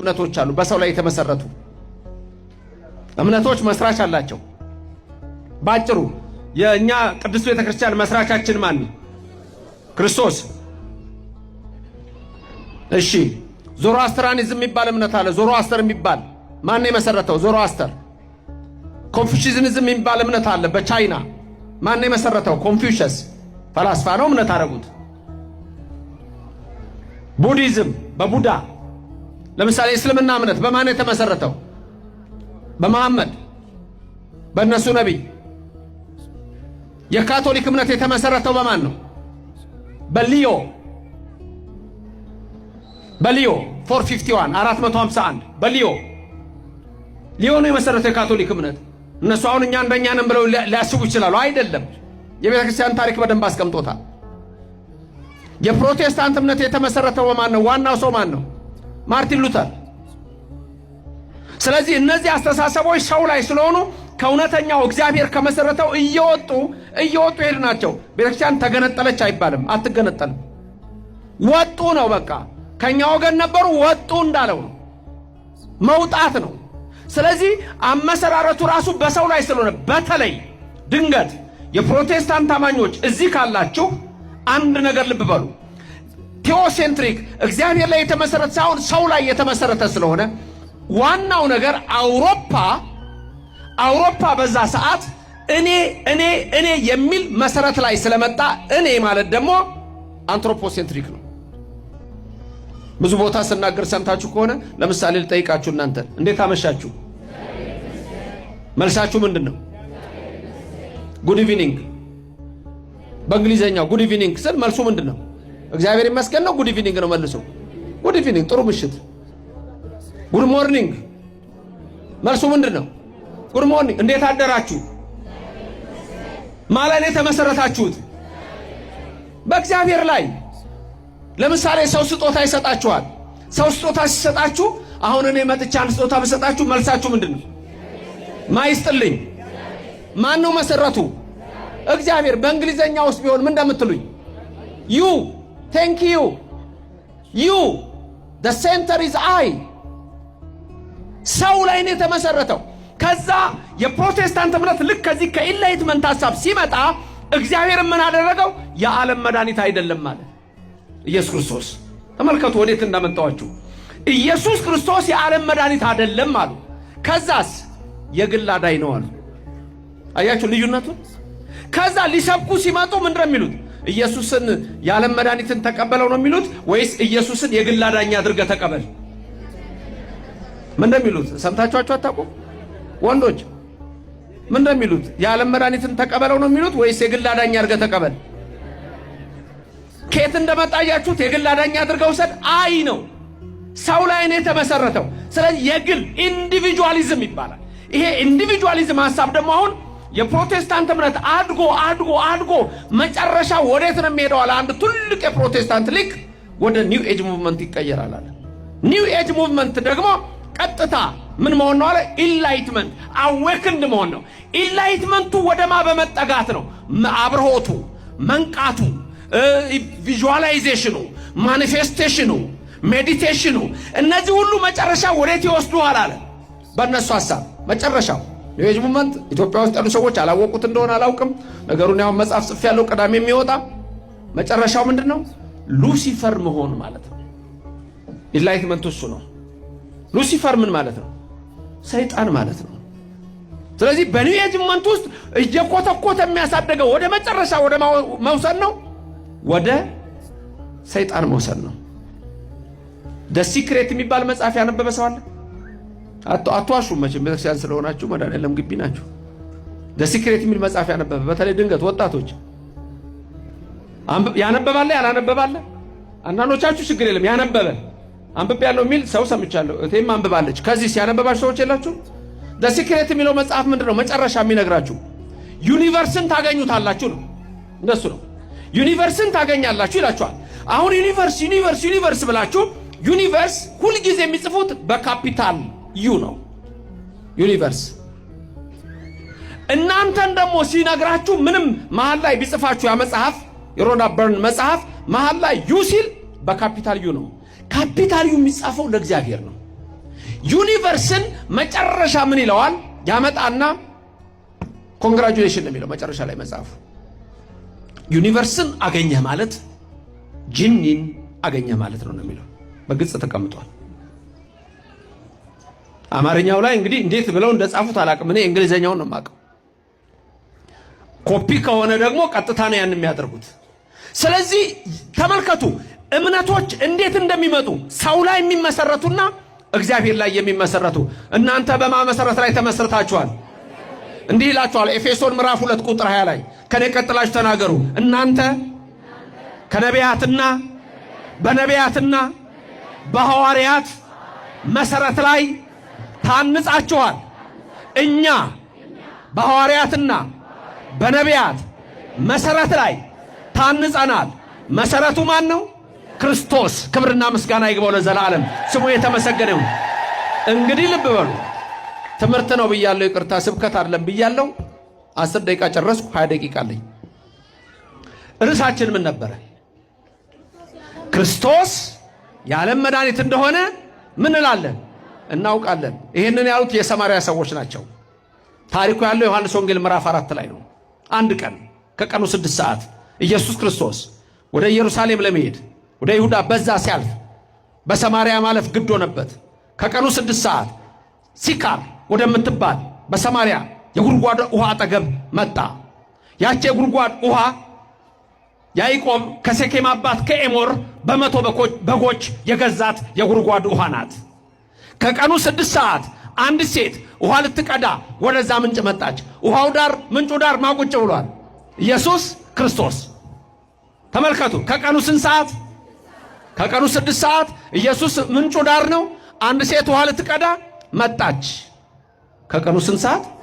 እምነቶች አሉ፣ በሰው ላይ የተመሰረቱ እምነቶች መስራች አላቸው። ባጭሩ የእኛ ቅድስት ቤተክርስቲያን መስራቻችን ማን ነው? ክርስቶስ። እሺ ዞሮ አስተራኒዝም የሚባል እምነት አለ። ዞሮ አስተር የሚባል ማን ነው የመሰረተው? ዞሮ አስተር። ኮንፊሽዝም የሚባል እምነት አለ በቻይና ማን ነው የመሰረተው? ኮንፊሽስ ፈላስፋ ነው፣ እምነት አደረጉት። ቡዲዝም በቡዳ ለምሳሌ እስልምና እምነት በማን የተመሰረተው? በመሐመድ በእነሱ ነቢይ። የካቶሊክ እምነት የተመሰረተው በማን ነው? በሊዮ በሊዮ 451 451 በሊዮ ሊዮ ነው የመሰረተው የካቶሊክ እምነት። እነሱ አሁን እኛን በእኛ ነን ብለው ሊያስቡ ይችላሉ። አይደለም። የቤተ ክርስቲያን ታሪክ በደንብ አስቀምጦታል። የፕሮቴስታንት እምነት የተመሰረተው በማን ነው? ዋናው ሰው ማን ነው? ማርቲን ሉተር። ስለዚህ እነዚህ አስተሳሰቦች ሰው ላይ ስለሆኑ ከእውነተኛው እግዚአብሔር ከመሰረተው እየወጡ እየወጡ ሄድ ናቸው። ቤተክርስቲያን ተገነጠለች አይባልም፣ አትገነጠልም። ወጡ ነው በቃ ከኛ ወገን ነበሩ ወጡ እንዳለው ነው መውጣት ነው። ስለዚህ አመሰራረቱ ራሱ በሰው ላይ ስለሆነ በተለይ ድንገት የፕሮቴስታንት አማኞች እዚህ ካላችሁ አንድ ነገር ልብ በሉ። ቴዎሴንትሪክ እግዚአብሔር ላይ የተመሰረተ ሳይሆን ሰው ላይ የተመሰረተ ስለሆነ ዋናው ነገር አውሮፓ አውሮፓ በዛ ሰዓት እኔ እኔ እኔ የሚል መሰረት ላይ ስለመጣ እኔ ማለት ደግሞ አንትሮፖሴንትሪክ ነው። ብዙ ቦታ ስናገር ሰምታችሁ ከሆነ ለምሳሌ ልጠይቃችሁ፣ እናንተ እንዴት አመሻችሁ? መልሳችሁ ምንድን ነው? ጉድ ኢቪኒንግ። በእንግሊዝኛው ጉድ ኢቪኒንግ ስል መልሱ ምንድን ነው? እግዚአብሔር ይመስገን ነው። ጉድ ኢቪኒንግ ነው መልሶ ጉድ ኢቪኒንግ፣ ጥሩ ምሽት። ጉድ ሞርኒንግ መልሱ ምንድን ነው? ጉድ ሞርኒንግ፣ እንዴት አደራችሁ? ማን ላይ የተመሰረታችሁት? በእግዚአብሔር ላይ። ለምሳሌ ሰው ስጦታ ይሰጣችኋል። ሰው ስጦታ ሲሰጣችሁ አሁን እኔ መጥቼ አንድ ስጦታ ብሰጣችሁ መልሳችሁ ምንድን ነው? ማይስጥልኝ ማን ነው መሰረቱ? እግዚአብሔር። በእንግሊዘኛ ውስጥ ቢሆን ምን እንደምትሉኝ ዩ ቴንክ ዩ ዩ ዘ ሴንተር ኢዝ አይ ሰው ላይ ነው የተመሰረተው። ከዛ የፕሮቴስታንት እምነት ልክ ከዚህ ከኢንላይትመንት ሀሳብ ሲመጣ እግዚአብሔር ምን አደረገው? የዓለም መድኃኒት አይደለም ማለት ኢየሱስ ክርስቶስ። ተመልከቱ ወዴት እንዳመጣዋችሁ። ኢየሱስ ክርስቶስ የዓለም መድኃኒት አይደለም አሉ። ከዛስ የግል አዳኝ ነው አሉ። አያችሁ ልዩነቱን። ከዛ ሊሰብኩ ሲመጡ ምንድነው የሚሉት? ኢየሱስን የዓለም መድኃኒትን ተቀበለው ነው የሚሉት ወይስ ኢየሱስን የግል አዳኝ አድርገህ ተቀበል? ምን እንደሚሉት ሰምታችኋቸው አታውቁም? ወንዶች ምን እንደሚሉት የዓለም መድኃኒትን ተቀበለው ነው የሚሉት ወይስ የግል አዳኝ አድርገህ ተቀበል? ከየት እንደመጣያችሁት የግል አዳኝ አድርገው ውሰድ አይ ነው። ሰው ላይ ነው የተመሰረተው። ስለዚህ የግል ኢንዲቪጁዋሊዝም ይባላል። ይሄ ኢንዲቪጁዋሊዝም ሀሳብ ደግሞ አሁን የፕሮቴስታንት እምነት አድጎ አድጎ አድጎ መጨረሻ ወዴት ነው የሚሄደው? አለ አንድ ትልቅ የፕሮቴስታንት ሊቅ ወደ ኒው ኤጅ ሙቭመንት ይቀየራል አለ። ኒው ኤጅ ሙቭመንት ደግሞ ቀጥታ ምን መሆን ነው አለ? ኢንላይትመንት አዌክንድ መሆን ነው። ኢንላይትመንቱ ወደማ በመጠጋት ነው። አብርሆቱ፣ መንቃቱ፣ ቪዥዋላይዜሽኑ፣ ማኒፌስቴሽኑ፣ ሜዲቴሽኑ እነዚህ ሁሉ መጨረሻ ወዴት ይወስዱሃል አለ። በእነሱ ሀሳብ መጨረሻው ኒው ኤጅ ሙቭመንት ኢትዮጵያ ውስጥ ያሉ ሰዎች አላወቁት እንደሆነ አላውቅም። ነገሩን ያው መጽሐፍ ጽፍ ያለው ቀዳሚ የሚወጣ መጨረሻው ምንድን ነው? ሉሲፈር መሆን ማለት ነው። ኢንላይትመንት እሱ ነው። ሉሲፈር ምን ማለት ነው? ሰይጣን ማለት ነው። ስለዚህ በኒው ኤጅ ሙቭመንት ውስጥ እየኮተኮተ የሚያሳደገው ወደ መጨረሻ ወደ መውሰድ ነው፣ ወደ ሰይጣን መውሰድ ነው። ደ ሲክሬት የሚባል መጽሐፍ ያነበበ ሰው አለ? አትዋሹ። መቼም ቤተክርስቲያን ስለሆናችሁ መድኃኒዓለም ግቢ ናችሁ። ደሲክሬት የሚል መጽሐፍ ያነበበ በተለይ ድንገት ወጣቶች ያነበባለ ያላነበባለ አንዳንዶቻችሁ ችግር የለም ያነበበ አንብብ ያለው የሚል ሰው ሰምቻለሁ። እቴም አንብባለች። ከዚህ ሲያነበባችሁ ሰዎች የላችሁ። ደሲክሬት የሚለው መጽሐፍ ምንድን ነው? መጨረሻ የሚነግራችሁ ዩኒቨርስን ታገኙታላችሁ ነው። እንደሱ ነው። ዩኒቨርስን ታገኛላችሁ ይላችኋል። አሁን ዩኒቨርስ ዩኒቨርስ ዩኒቨርስ ብላችሁ ዩኒቨርስ ሁልጊዜ የሚጽፉት በካፒታል ዩ ነው ዩኒቨርስ። እናንተን ደግሞ ሲነግራችሁ ምንም መሀል ላይ ቢጽፋችሁ ያ መጽሐፍ የሮና በርን መጽሐፍ መሀል ላይ ዩ ሲል በካፒታል ዩ ነው። ካፒታል ዩ የሚጻፈው ለእግዚአብሔር ነው። ዩኒቨርስን መጨረሻ ምን ይለዋል ያመጣና ኮንግራጁሌሽን ነው የሚለው መጨረሻ ላይ መጽሐፉ። ዩኒቨርስን አገኘህ ማለት ጂኒን አገኘህ ማለት ነው ነው የሚለው በግልጽ ተቀምጧል። አማርኛው ላይ እንግዲህ እንዴት ብለው እንደጻፉት አላቅም። እኔ እንግሊዘኛውን ነው የማውቀው። ኮፒ ከሆነ ደግሞ ቀጥታ ነው ያን የሚያደርጉት። ስለዚህ ተመልከቱ እምነቶች እንዴት እንደሚመጡ ሰው ላይ የሚመሰረቱና እግዚአብሔር ላይ የሚመሰረቱ። እናንተ በማመሰረት ላይ ተመስርታችኋል። እንዲህ ይላችኋል ኤፌሶን ምዕራፍ ሁለት ቁጥር 20 ላይ ከኔ ቀጥላችሁ ተናገሩ። እናንተ ከነቢያትና በነቢያትና በሐዋርያት መሰረት ላይ ታንጻችኋል። እኛ በሐዋርያትና በነቢያት መሰረት ላይ ታንጸናል። መሰረቱ ማን ነው? ክርስቶስ። ክብርና ምስጋና ይግባው ለዘላለም ስሙ የተመሰገነ እንግዲህ ልብ በሉ ትምህርት ነው ብያለሁ። ይቅርታ ስብከት አይደለም ብያለሁ። አስር ደቂቃ ጨረስኩ። ሀያ ደቂቃ አለኝ። ርዕሳችን ምን ነበረ? ክርስቶስ የዓለም መድኃኒት እንደሆነ ምን እላለን? እናውቃለን። ይህንን ያሉት የሰማርያ ሰዎች ናቸው። ታሪኩ ያለው ዮሐንስ ወንጌል ምዕራፍ አራት ላይ ነው። አንድ ቀን ከቀኑ ስድስት ሰዓት ኢየሱስ ክርስቶስ ወደ ኢየሩሳሌም ለመሄድ ወደ ይሁዳ በዛ ሲያልፍ በሰማርያ ማለፍ ግድ ሆነበት። ከቀኑ ስድስት ሰዓት ሲካር ወደምትባል በሰማርያ የጉድጓድ ውሃ አጠገብ መጣ። ያቺ የጉድጓድ ውሃ ያዕቆብ ከሴኬም አባት ከኤሞር በመቶ በጎች የገዛት የጉድጓድ ውሃ ናት። ከቀኑ ስድስት ሰዓት አንድ ሴት ውሃ ልትቀዳ ወደዛ ምንጭ መጣች። ውሃው ዳር ምንጩ ዳር ማቁጭ ብሏል ኢየሱስ ክርስቶስ። ተመልከቱ። ከቀኑ ስንት ሰዓት? ከቀኑ ስድስት ሰዓት ኢየሱስ ምንጩ ዳር ነው። አንድ ሴት ውሃ ልትቀዳ መጣች። ከቀኑ ስንት ሰዓት?